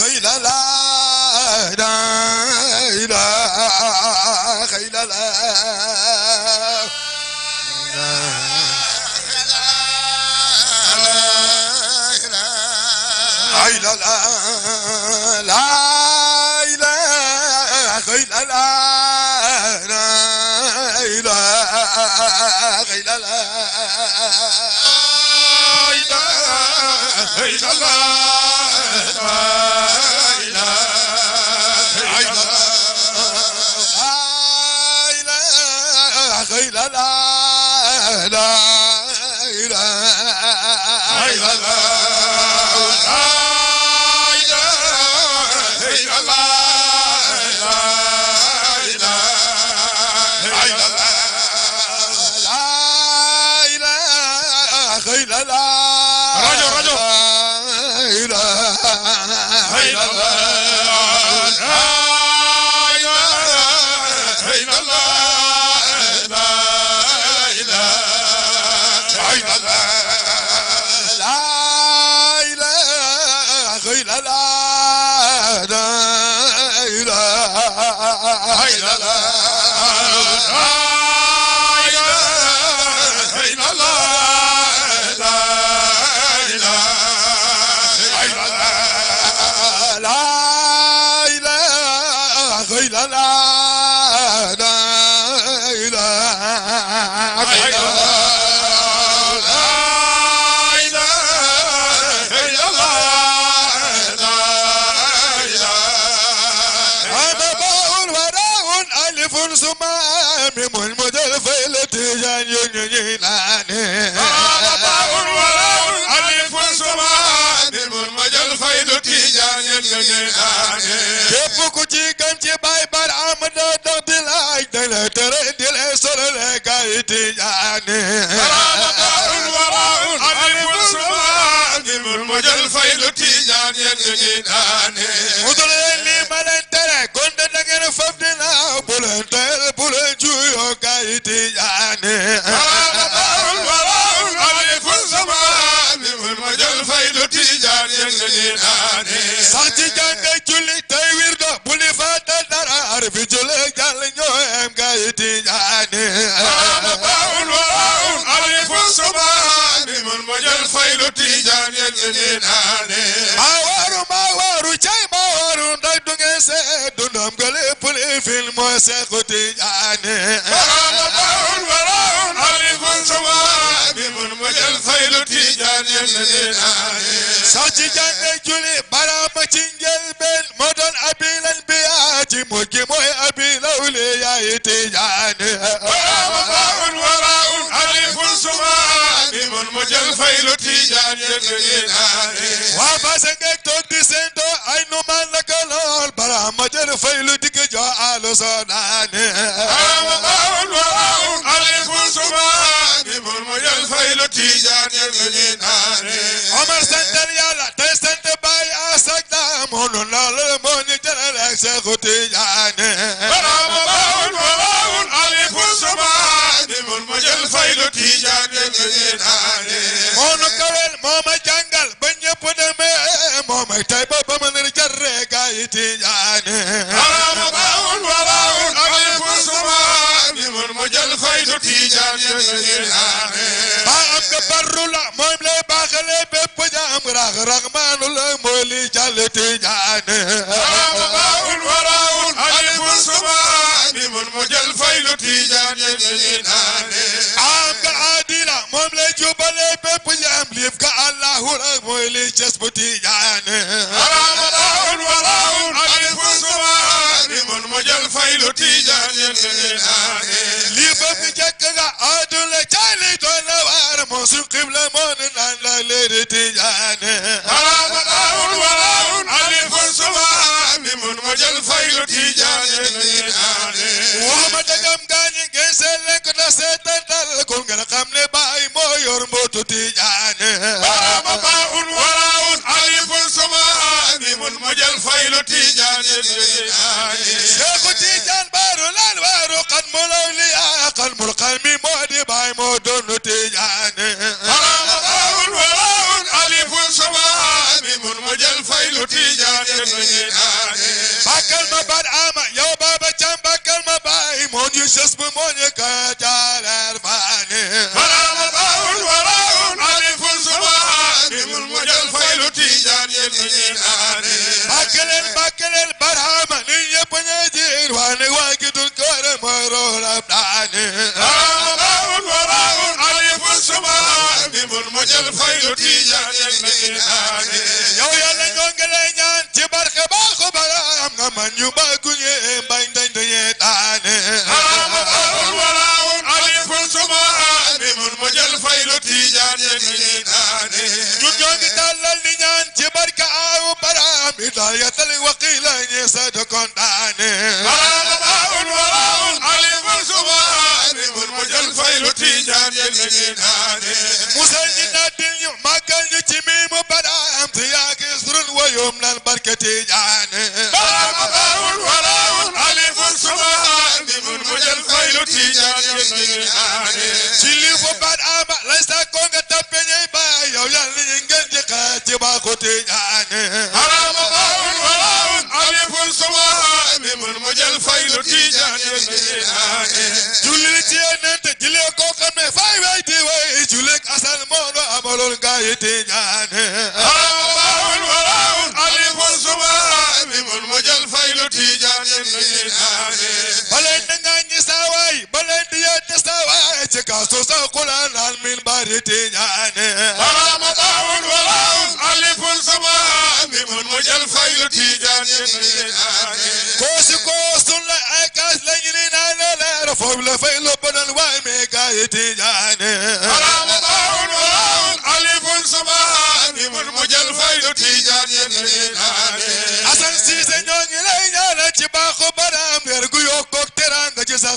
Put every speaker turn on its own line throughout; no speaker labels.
خيل لا لا لا خيل لا لا لا لا خيل لا لا خيل لا la la la la Tijaan yéen nga ñuy aane képp ku ci gën ci Baay Bara Ahmad na dox di laaj dañ la tere di la solole gaay Tijaane baraamakarun waraun animul sumaa animul mujjal faydu Tijaan yéen nga ñuy aane mu dul leen lii ma leen tere kon da ngeen fab dinaa bu leen teel bu leen juyoo gaay Tijaan sax ci jànga julli tey wirdo bu li fàtte dara arfi jule jàll ñoo em ga yi tijaani ana baawul waraawul alifu subaani mun mo jël faylu tijaan yel inaani maa waru maa waru cay maa waru nday du ngeen seet dundam ga lépp li fil mooy seexu tijaani ana baawul waraawul alifu subaani mun mo jël faylu sax ci jànge juli baraama ci njëlbeen moo doon abil anbiyaa ci mujj mooy abil awliyaa yi tijaane baraama baawun waraawun alifun sumaani mun mu jël faylu tijaan waa fase ngeeg toog di seentoo ay numaan la ko lool baraama jël faylu digg joo alu soonaane Tijaan a ñuy naane. Omar santal yàlla tey sant Baye Asakda Mawla Lalla moo ñu jëlal ak Seexu Tijaane. Baraama baawul baraawul alifu sumaani mun ma jël faydu Tijaan yàlla ñuy demee moo may tey faydu Tijaan yàlla ñuy barru la moom lay baaxale bépp jaam rax raxmaanu la mooy li jàll ti ñaane baaxul waraawul alimul subaani mun mu jël faylu ti jaan ñi naane am nga adila moom lay jubale bépp jaam liif ka allahu la mooy li ces bu ti ñaane baaxul waraawul alimul subaani mun mu jël faylu ti jaan ñi naane lii bëgg jëkk nga adula jaali المسلم قبلة من أن ليل تجاني حرام الأول والأول ألف سبع من مجل فيل تجاني وما تجم داني جسل لك نسيت تلقون كن قمني باي مو يرموت تجاني حرام الأول والأول ألف سبع من مجل فيل تجاني شيخ تجان بارو الأنوار قد ملولي قد ملقمي tijaani xaraam waraawun alifun sumaami mun mujjal faylu tijaani bakkal ma bad ama yow yàlla ñoo ngi lay ñaan ci barke baaxu baraam nga man ñu baagu ñee bañ dañ dañee taane ama baaxul walaawul alifun suma aamimun mu jël faydu tiijaan ñe dañuy taane ñun ñoo ngi tàllal di ñaan ci barke aawu baraam idaayatal waqiila ñe sa dokoon taane ama baaxul walaawul alifun suma aamimun mu jël faydu tiijaan ñe dañuy taane musal ñi ñaan barke Tijaane baaba baawul walaawul alifun subhaan bi mun mu jël faylu Tijaan yëngaane ci li bu baat ama lay sa ko nga tappe ñey baay yow yal ni ngeen di xaar ci baa ko Tijaane haraama baawul walaawul alifun subhaan bi mun mu jël faylu Tijaan yëngaane julli ci yonent jële ko xam ne fay way di way julli asal moo amaloon gaa yi Tijaane jël faylu tiijaan yéen ñi naane baleen na nga ñi saawaay baleen di yéen ñi saawaay ci kaasu sa kula naan min bari tiijaane baraama daawul walaawul aliful sama mi mun mu jël faylu tiijaan yéen ñi naane koosi koosun la ay kaas la ñi naane leer foofu la faylu bonal waay mee gaay tiijaan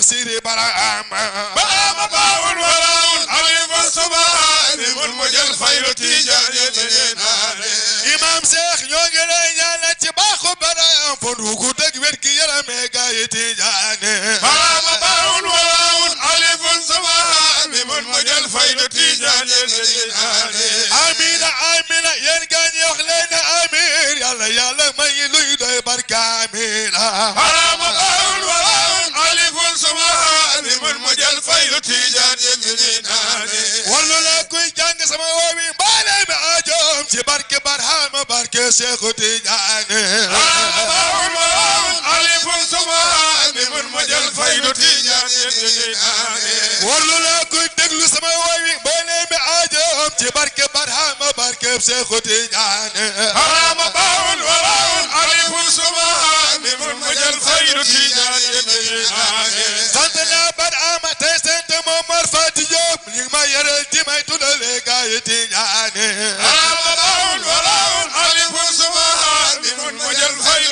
تفسير براءة براءة باون وراون ألف الصبا ألف المجل خير تجاري لنا إمام شيخ ñoo lay ñaanal ci baaxu baraam fondu gu dëgg wér gi yaram gaay tijaane barama baawun waawun alifun sama alimun mu jël fayda tijaane tijaane amina amina yéen gaañ wax leen amir yàlla yàlla may luy doy barka amina lu tiijaan yëngal ñuy naane war na la kuy jàng sama woo wi mbaalee mi ajoom ci barke barhama barke Seexu Tiijaane warlu la kuy déglu sama woy wi boo nee mi aajoom ci barke barhama barke Seexu Tiijaane harama baawun walaawun alifun sumaha mi mun ma jël faydu Tiijaane sant naa bar yëral ci may tuddalee gaa yi tijaane alawun walawun alifun subaani mun mu jël faylu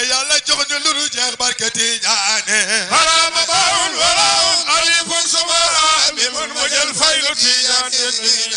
la jox ñu lu jeex barke tijaane ci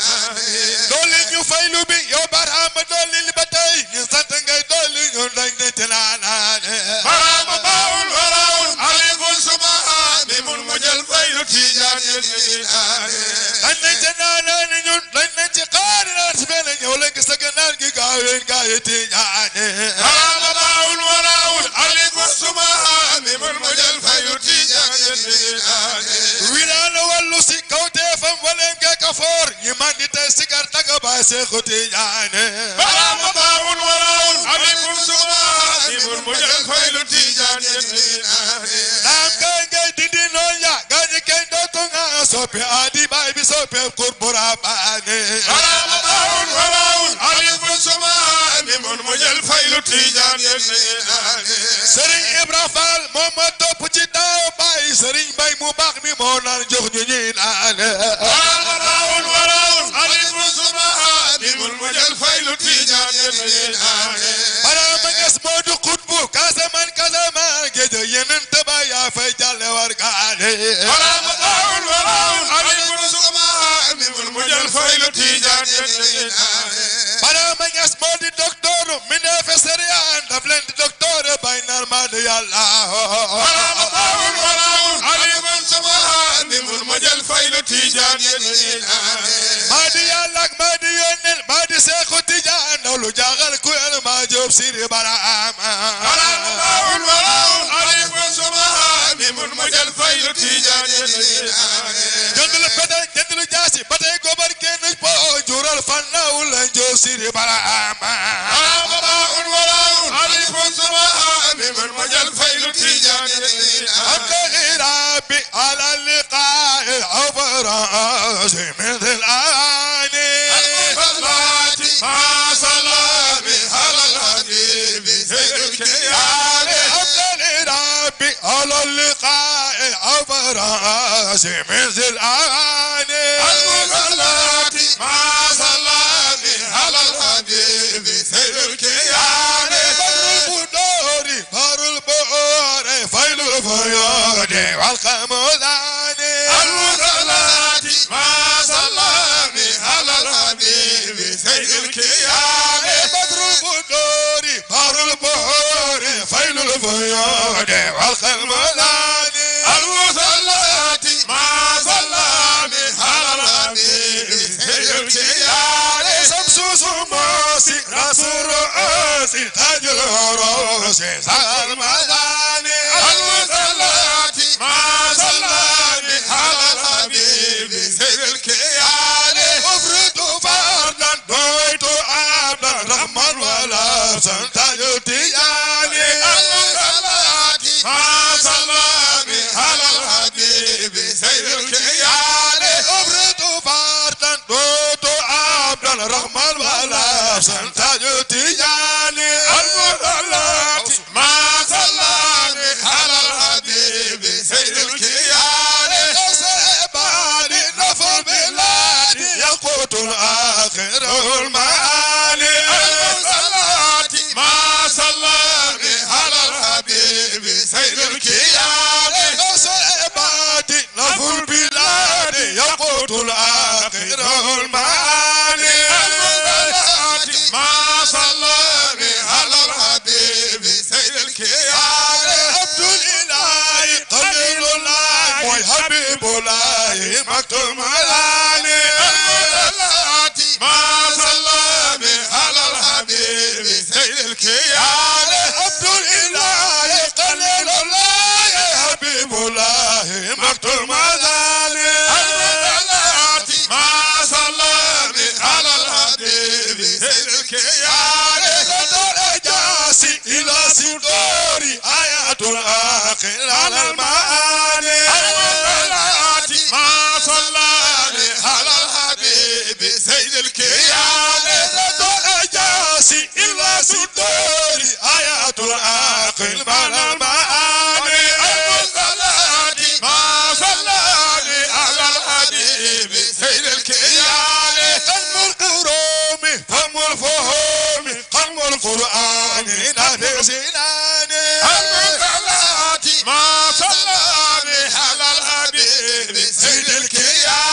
Seex Tijaane Sëriñ Ibra Faal moom ma topp ci daaw baay Sëriñ Bay mu baax mi moo naan jox ñu jël faylu tiijaan yéen a yéen aane balaa ma nges moo du xutbu kaasa man kaasa maa géej yeneen taba yaa fay jàlle war gaale balaa ma daawul waraawul alimul suma alimul mu jël faylu tiijaan yéen a yéen aane balaa ma nges moo di docteur mi ne fe seriyaan daf leen di docteur bay nar maa di yàlla balaa ma daawul waraawul alimul suma alimul mu jël faylu tiijaan yéen a yéen aane maa di yàlla ak maa سير برام أنا المباع الوراء العليم وسمها من مجل فيتي جاني جندل بدأ جندل جاسي بدأ قبر كنج بو جور الفنا ولنجو سير برام أنا المباع الوراء العليم وسمها من مجل فيتي جاني أبقى غرابي على اللقاء العبر عزمي على اللقاء أفراس من زلان المغلات ما صلاني على الحبيب سيد الكيان فر البدور فر البؤور فيل الفيود والقمودان البيود والخلب نادي المصلات ما صلى من حرم الابتيار شمس سماسي نصر رؤوس تاج العروس سهر مدار sant ñu Tijaan مكتوم على الصلاه ما صلى على الحبيب سيد الكيان عبد الاله قليل الله يا حبيب الله مكتوم على الصلاه ما صلى على الحبيب سيد الكيان الى سدوري ايات الاخر على المعاني الدور آيات العاقل معنى المعاني المصلاة ما صلاني على الحبيب سيد الكيان هم القروم هم الفهوم هم القرآن نهر سناني المصلاة ما صلاني على الحبيب سيد الكيان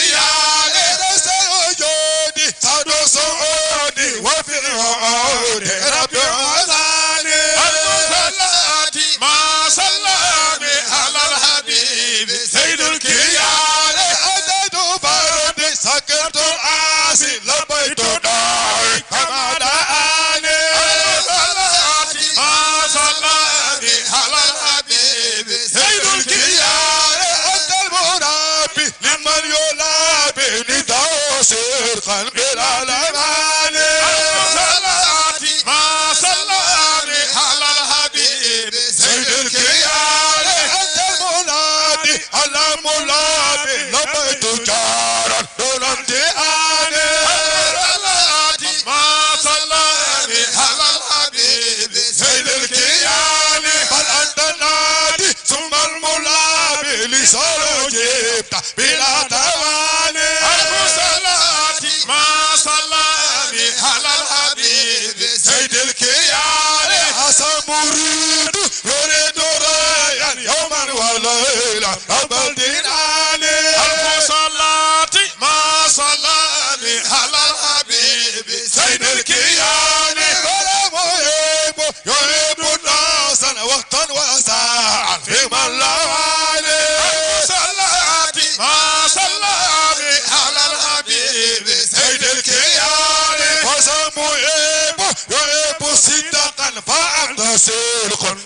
الخلق الألمان صلاتي ما صلاني على الحبيب سيد الكيان أنت المنادي على ملابي لبيت جارا دون امتحان صلاتي ما صلاني على الحبيب سيد الكيان بل أنت نادي ثم الملابي لسرجبت بلا على الحبيب سيد الكيان حسن مريد يريد ريا يوما وليلا أبدي محب يحب صدقا فأعطى سلقا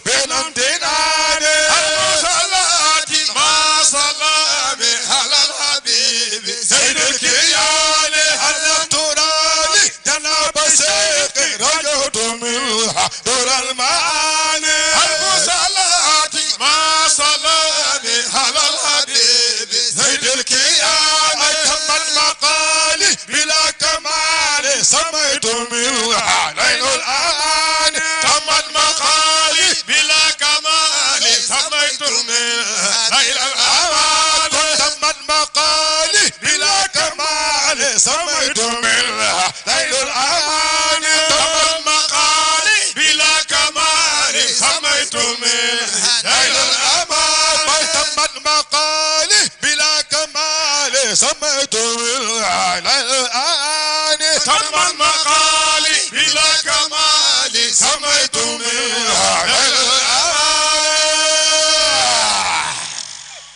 man maqaali